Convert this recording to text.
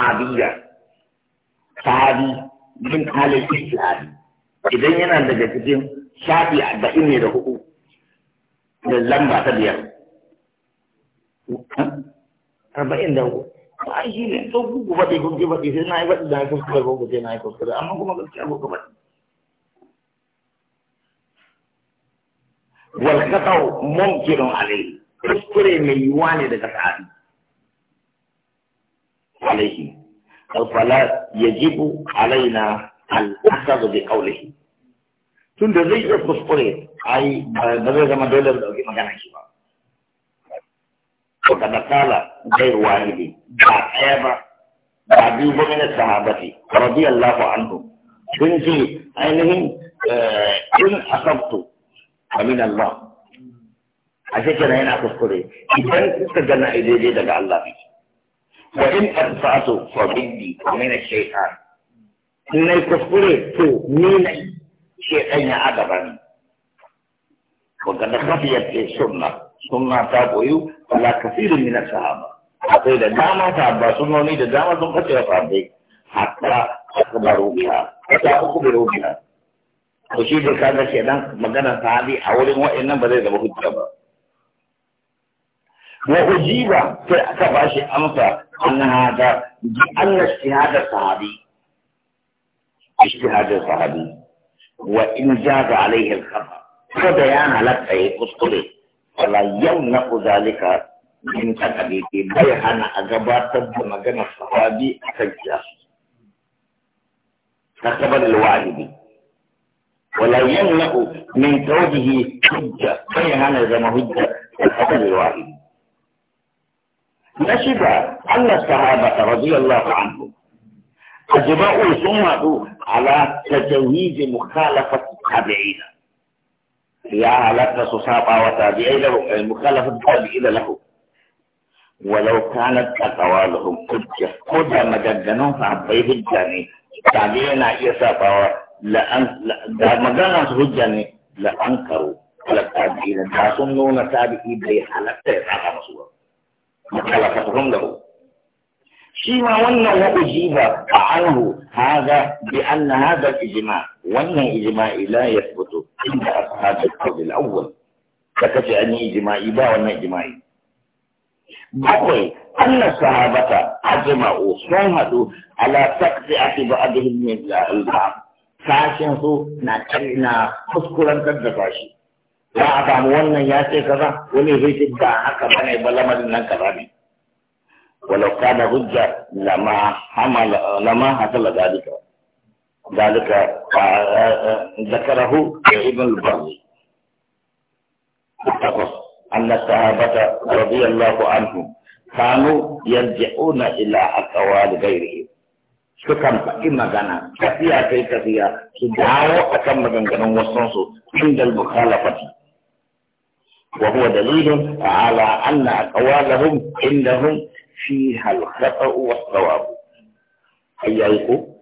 Abiya, tsari min halin islami idan yana daga cikin shafi arba'in ne da hudu da lamba ta biyar arba'in da hudu ba shi ne to gugu faɗi kun ki faɗi sai na yi faɗi da na kuskure ko kuce na yi kuskure amma kuma gaskiya ko kuma wal qata'u mumkinun alayhi kuskure mai yiwuwa ne daga tsari عليه فلا يجب علينا الأخذ بقوله tun da zai iya kuskure Ayi, ba zai zama dole da ɗauki magana shi ba. Kuka da kala zai wahidi ba ɗaya ba ba biyu ba sahabati radiyallahu anhu sun ce ainihin in asabtu amin Allah a yana kuskure idan kuka gana daidai daga Allah wajen alfato fabindi mina shaitan in nai kuskure to nina shaitan ya agaba ni wanda kafiya ce sunna sunna ta koyu ala kafiru min sahaba akwai da dama ta ba sunnoni da dama sun kace ya fadi hatta akbaru biha ta ku biro biha to shi da kaga shaitan magana sahabi a wurin waɗannan ba zai zama hujja ba وأجيب فأكبر شيء أن هذا بأن اجتهاد الصحابي اجتهاد الصحابي وإن جاز عليه الخبر فبيان على كسكري فلا يمنع ذلك من تقديم بيان أجابات بمجان الصحابي أكجاس كقبل الواحد ولا يمنع من توجه حجة بيان ما حجة كقبل الواحد نشد أن الصحابة رضي الله عنهم أجمعوا ثم على تجويز مخالفة التابعين يا لك صحابة وتابعين له مخالفة التابعين له ولو كانت أقوالهم حجة حجة مجدنون فعبيه الجاني تابعين التابعين يسابا لأن لا مجدنا حجة لأنكروا على تابعين لا سنون تابعين بيحالة تابعين makalakatuhum lahu shi ma wannan wa ujiba a anhu haga bi anna hada ijma wannan ijma ila yasbutu inda ashabu qawl awwal da kace an ijma ba wannan ijma bakwai anna sahabata haɗu sun hadu ala taqdi asib adhihi min al-ba'd sashin su na tarina kuskuran da bashi za a samu wannan ya ce kaza wani zai ce ba haka ba ne ba lamarin nan kaza ne walau kana hujja lama hamala lama hasala dalika dalika zakarahu da ibn al-bazi takwas anna sahabata radiyallahu anhum kanu yarji'una ila aqwali ghayrihim sukan faɗi magana tafiya kai tafiya su dawo kan maganganun wasansu inda al-mukhalafati وهو دليل على أن أقوالهم عندهم فيها الخطأ والصواب اي يقول